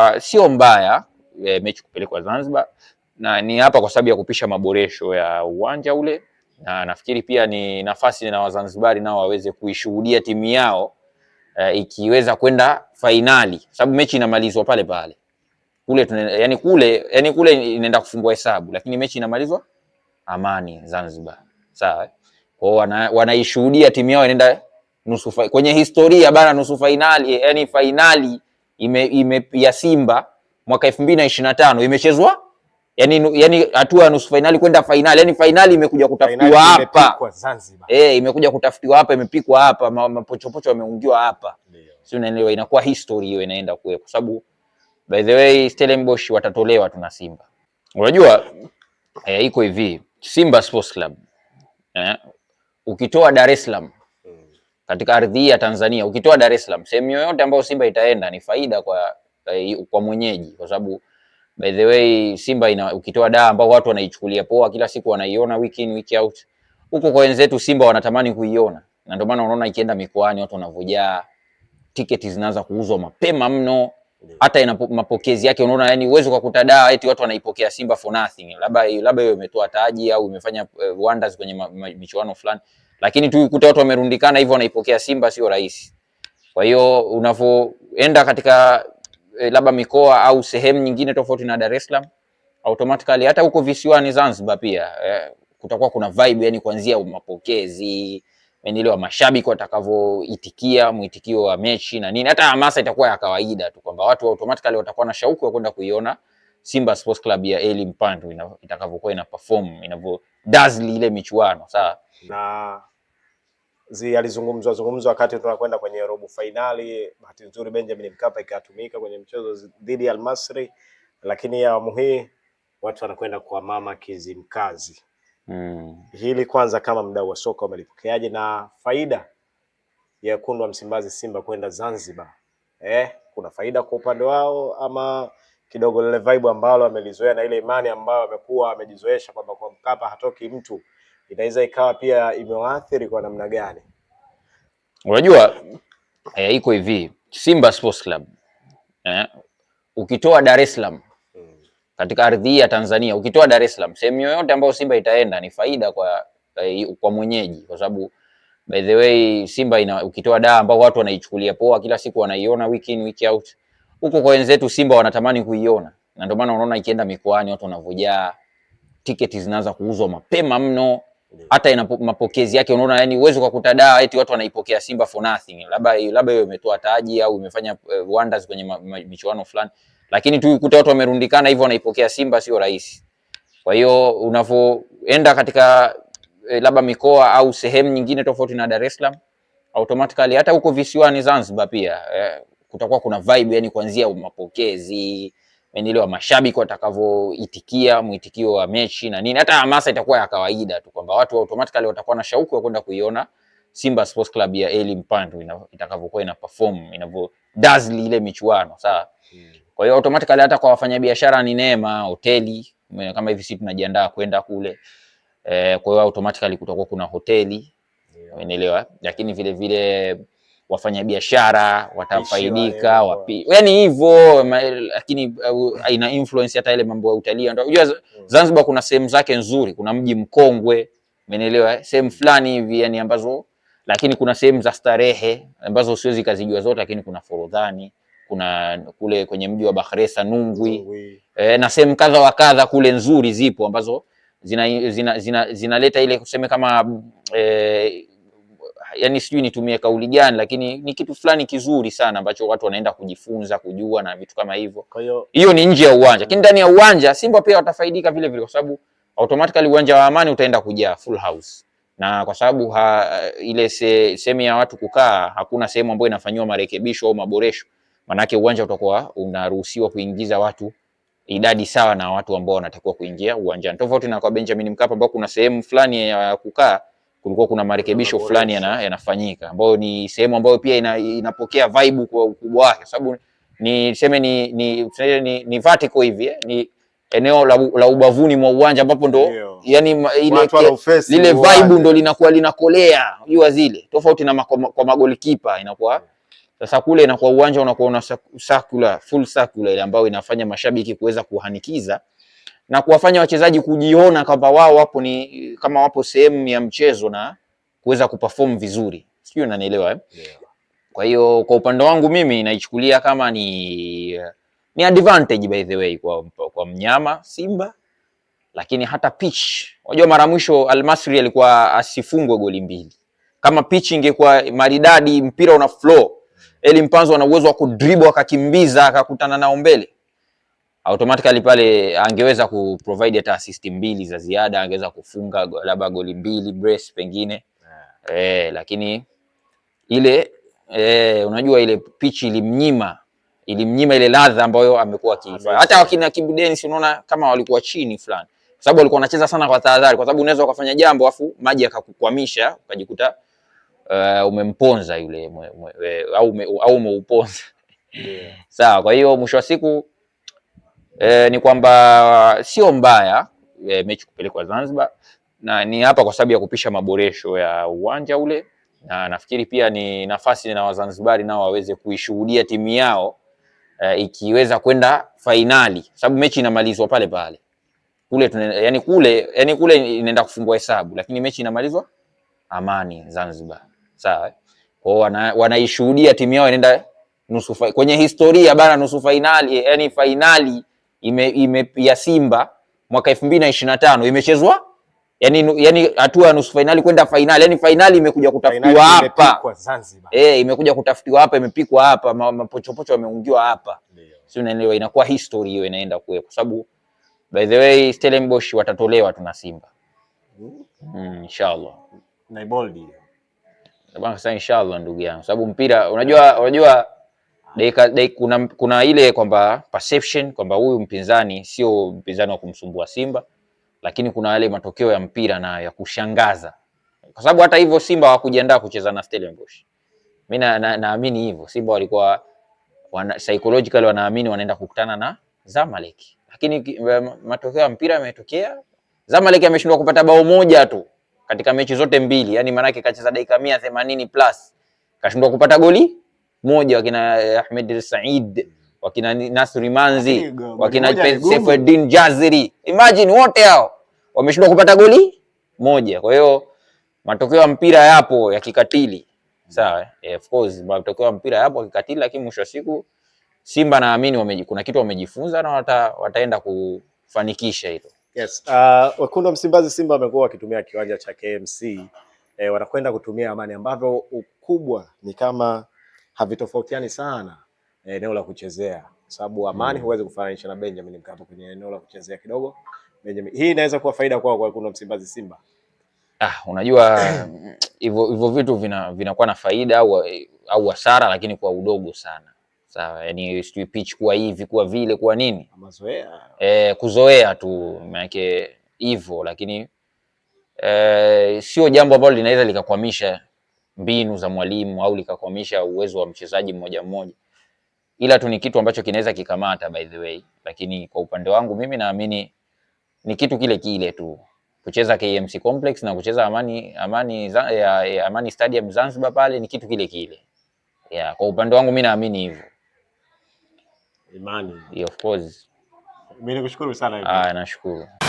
Ah, sio mbaya e, mechi kupelekwa Zanzibar na ni hapa kwa sababu ya kupisha maboresho ya uwanja ule, na nafikiri pia ni nafasi na Wazanzibari nao waweze kuishuhudia timu yao e, ikiweza kwenda fainali, sababu mechi inamalizwa pale pale kule tune, yani kule yani kule inaenda kufungua hesabu, lakini mechi inamalizwa amani Zanzibar, sawa. kwa wana, wanaishuhudia timu yao inaenda nusu kwenye historia bara nusu fainali, yani fainali ime, ime, ya Simba mwaka 2025 imechezwa yani, yani hatua ya nusu fainali kwenda fainali, yani fainali imekuja kutafutiwa hapa eh, imekuja kutafutiwa hapa, imepikwa hapa, mapochopocho yameungiwa hapa, si unaelewa? Inakuwa history hiyo inaenda kuwe, kwa sababu by the way Stellenbosch watatolewa tuna Simba, unajua eh, iko hivi Simba Sports Club eh, ukitoa Dar es Salaam katika ardhi ya Tanzania, ukitoa Dar es Salaam, sehemu yoyote ambayo Simba itaenda ni faida kwa, eh, kwa mwenyeji, kwa sababu by the way Simba ina, ukitoa da ambao watu wanaichukulia poa, kila siku wanaiona week in week out, huko kwa wenzetu Simba wanatamani kuiona, na ndio maana unaona ikienda mikoani watu wanavujaa, tiketi zinaanza kuuzwa mapema mno hata ina mapokezi yake, unaona yani uwezo kwa kutadaa eti watu wanaipokea Simba for nothing, labda labda hiyo imetoa taji au imefanya eh, wonders kwenye michuano fulani, lakini tu ukuta watu wamerundikana hivyo wanaipokea Simba sio rahisi. Kwa hiyo unavyoenda katika e, labda mikoa au sehemu nyingine tofauti na Dar es Salaam, automatically hata huko visiwani Zanzibar pia e, kutakuwa kuna vibe yani, kuanzia mapokezi menelewa, mashabiki watakavyoitikia, mwitikio wa mechi na nini, hata hamasa itakuwa ya kawaida tu kwamba watu automatically watakuwa na shauku ya kwenda kuiona Simba Sports Club ya Eli itakavyokuwa ina perform inavyo dazzle ile michuano sawa na zi alizungumzwa zungumzwa wakati tunakwenda kwenye robo fainali. Bahati nzuri Benjamin Mkapa ikatumika kwenye mchezo dhidi ya Almasri, lakini awamu hii watu wanakwenda kwa mama Kizimkazi. Mm. Hili kwanza, kama mdau wa soka umelipokeaje, na faida ya kundwa Msimbazi Simba kwenda Zanzibar eh, kuna faida kwa upande wao ama kidogo lile vibe ambalo amelizoea na ile imani ambayo amekuwa amejizoesha kwamba kwa Mkapa hatoki mtu inaweza ikawa pia imewaathiri kwa namna gani? Unajua eh, iko hivi Simba Sports Club eh, ukitoa Dar es Salaam hmm. katika ardhi ya Tanzania ukitoa Dar es Salaam, sehemu yoyote ambayo Simba itaenda ni faida kwa, eh, kwa mwenyeji kwa sababu by the way Simba ina, ukitoa daa ambao watu wanaichukulia poa, kila siku wanaiona week in week out, huko kwa wenzetu Simba wanatamani kuiona, na ndio maana unaona ikienda mikoani watu wanavojaa, tiketi zinaanza kuuzwa mapema mno hata ina mapokezi yake, unaona yani uwezo kwa kutadaa eti watu wanaipokea Simba for nothing, labda labda hiyo imetoa taji au imefanya uh, wonders kwenye michuano fulani, lakini tu ukuta watu wamerundikana hivyo wanaipokea Simba sio rahisi. Kwa hiyo unavyoenda katika eh, labda mikoa au sehemu nyingine tofauti na Dar es Salaam, automatically hata huko visiwani Zanzibar pia eh, kutakuwa kuna vibe yani kuanzia mapokezi Yaani ile mashabiki watakavyoitikia mwitikio wa mechi na nini, hata hamasa itakuwa ya kawaida tu kwamba watu automatically watakuwa na shauku ya kwenda kuiona Simba Sports Club ya Eli Mpandu itakavyokuwa ina perform inavyo dazzle ile michuano sawa. Hmm. Kwa hiyo automatically hata kwa wafanyabiashara ni neema, hoteli kama hivi sisi tunajiandaa kwenda kule eh, kwa hiyo automatically kutakuwa kuna hoteli umeelewa, yeah. Lakini vile vile wafanyabiashara watafaidika wapi, yani hivyo. Lakini uh, ina influence hata ile mambo ya utalii. Ndio unajua mm. Zanzibar kuna sehemu zake nzuri, kuna mji mkongwe, umeelewa, eh? sehemu fulani hivi yani ambazo, lakini kuna sehemu za starehe ambazo siwezi kazijua zote, lakini kuna Forodhani, kuna kule kwenye mji wa Bakhresa Nungwi, e, na sehemu kadha wa kadha kule nzuri zipo ambazo zinaleta zina, zina, zina ile kuseme kama e, yani sijui nitumie kauli gani, lakini ni kitu fulani kizuri sana ambacho watu wanaenda kujifunza kujua na vitu kama hivyo. Hiyo ni nje ya uwanja, lakini ndani ya uwanja Simba pia watafaidika vile vile, kwa sababu automatically uwanja wa Amani utaenda kujaa full house, na kwa sababu ile se, sehemu ya watu kukaa, hakuna sehemu ambayo inafanyiwa marekebisho au maboresho, manake uwanja utakuwa unaruhusiwa kuingiza watu idadi sawa na watu ambao wanatakiwa kuingia uwanjani, tofauti na kwa Benjamin Mkapa ambao kuna sehemu fulani ya kukaa kulikuwa kuna marekebisho fulani yanafanyika yanafanyika ambayo ni sehemu ambayo pia ina, inapokea vibe kwa ukubwa wake, sababu ni seme ni ni, ni, ni vertical hivi eh? ni eneo la, la ubavuni mwa uwanja ambapo ndo yani ile lile vibe ndo linakuwa linakolea jua zile, tofauti na kwa, kwa magolikipa inakuwa sasa kule inakuwa uwanja unakuwa una circular, full circular ile ambayo inafanya mashabiki kuweza kuhanikiza na kuwafanya wachezaji kujiona kwamba wao wapo ni kama wapo sehemu ya mchezo na kuweza kuperform vizuri, sijui unanielewa eh? Yeah. Kwa hiyo kwa upande wangu mimi naichukulia kama ni eh, ni advantage by the way kwa, kwa mnyama Simba, lakini hata pitch. Unajua mara mwisho Almasri alikuwa asifungwe goli mbili, kama pitch ingekuwa maridadi, mpira una flow, Eli Mpanzo ana uwezo wa kudribble akakimbiza akakutana nao mbele automatically pale angeweza provide hata assist mbili za ziada, angeweza kufunga labda goli mbili brace pengine yeah. E, lakini ile e, unajua ile pitch ilimnyima ilimnyima ile ladha ambayo amekuwa akiifanya. Hata wakina Kibu Denis unaona kama walikuwa chini fulani, kwa sababu walikuwa wanacheza sana kwa tahadhari, kwa sababu unaweza ukafanya jambo afu maji akakukwamisha ukajikuta uh, umemponza yule au umeuponza. Sawa, kwa hiyo mwisho wa siku e, ni kwamba sio mbaya e, mechi kupelekwa Zanzibar na ni hapa kwa sababu ya kupisha maboresho ya uwanja ule, na nafikiri pia ni nafasi na Wazanzibari nao waweze kuishuhudia timu yao e, ikiweza kwenda fainali, sababu mechi inamalizwa pale pale kule tune, yani kule yani kule inaenda kufungua hesabu, lakini mechi inamalizwa Amani Zanzibar, sawa. Kwao wanaishuhudia timu yao inaenda nusu kwenye historia bara nusu fainali, yani fainali ime, ime, ya Simba mwaka elfu mbili na ishirini na tano imechezwa yani, yani hatua ya nusu fainali kwenda fainali, yani fainali imekuja kutafutiwa hapa eh, imekuja kutafutiwa hapa, imepikwa hapa, mapochopocho yameungiwa hapa, si unaelewa? Inakuwa history hiyo inaenda kuwe, kwa sababu by the way Stellenbosch watatolewa tuna Simba mm, inshallah na Iboldi bwana, sasa inshallah ndugu yangu, sababu mpira unajua unajua Dakika kuna, kuna ile kwamba perception kwamba huyu mpinzani sio mpinzani wa kumsumbua Simba, lakini kuna yale matokeo ya mpira na ya kushangaza, kwa sababu hata hivyo Simba hawakujiandaa kucheza na Stellenbosch. Mimi naamini na, hivyo Simba walikuwa wana, psychologically wanaamini wanaenda kukutana na Zamalek, lakini eh, matokeo ya mpira yametokea. Zamalek ameshindwa kupata bao moja tu katika mechi zote mbili, yani maanake kacheza dakika mia plus kashindwa kupata goli moja wakina eh, Ahmed Said wakina Nasri Manzi wakina Saifuddin Jaziri, imagine wote hao wameshindwa kupata goli moja. Kwa hiyo matokeo ya mpira yapo ya kikatili, sawa. Eh, of course matokeo ya mpira yapo ya kikatili, lakini mwisho wa siku Simba naamini kuna kitu wamejifunza na wata, wataenda kufanikisha hilo. Yes. Uh, wekundu wa Msimbazi Simba wamekuwa wakitumia kiwanja cha KMC eh, wanakwenda kutumia Amani ambavyo ukubwa ni kama havitofautiani sana eh, eneo la kuchezea, sababu Amani mm. huwezi kufananisha na Benjamin Mkapa kwenye eneo la kuchezea kidogo. Benjamin, hii inaweza kuwa faida kwao kwa kuna Msimbazi Simba. Ah, unajua hivyo hivyo vitu vinakuwa vina na faida au au hasara, lakini kwa udogo sana sawa. Yani sijui pitch kuwa hivi kuwa vile kuwa nini, mazoea eh, kuzoea tu maanake hivyo, lakini eh, sio jambo ambalo linaweza likakwamisha mbinu za mwalimu au likakwamisha uwezo wa mchezaji mmoja mmoja, ila tu ni kitu ambacho kinaweza kikamata by the way. Lakini kwa upande wangu mimi naamini ni kitu kile kile tu kucheza KMC Complex na kucheza Amani, Amani, ya, Amani Stadium Zanzibar pale ni kitu kile kile yeah. Kwa upande wangu mimi naamini hivyo Imani. Yeah, of course. Mimi nikushukuru sana. Ah, nashukuru.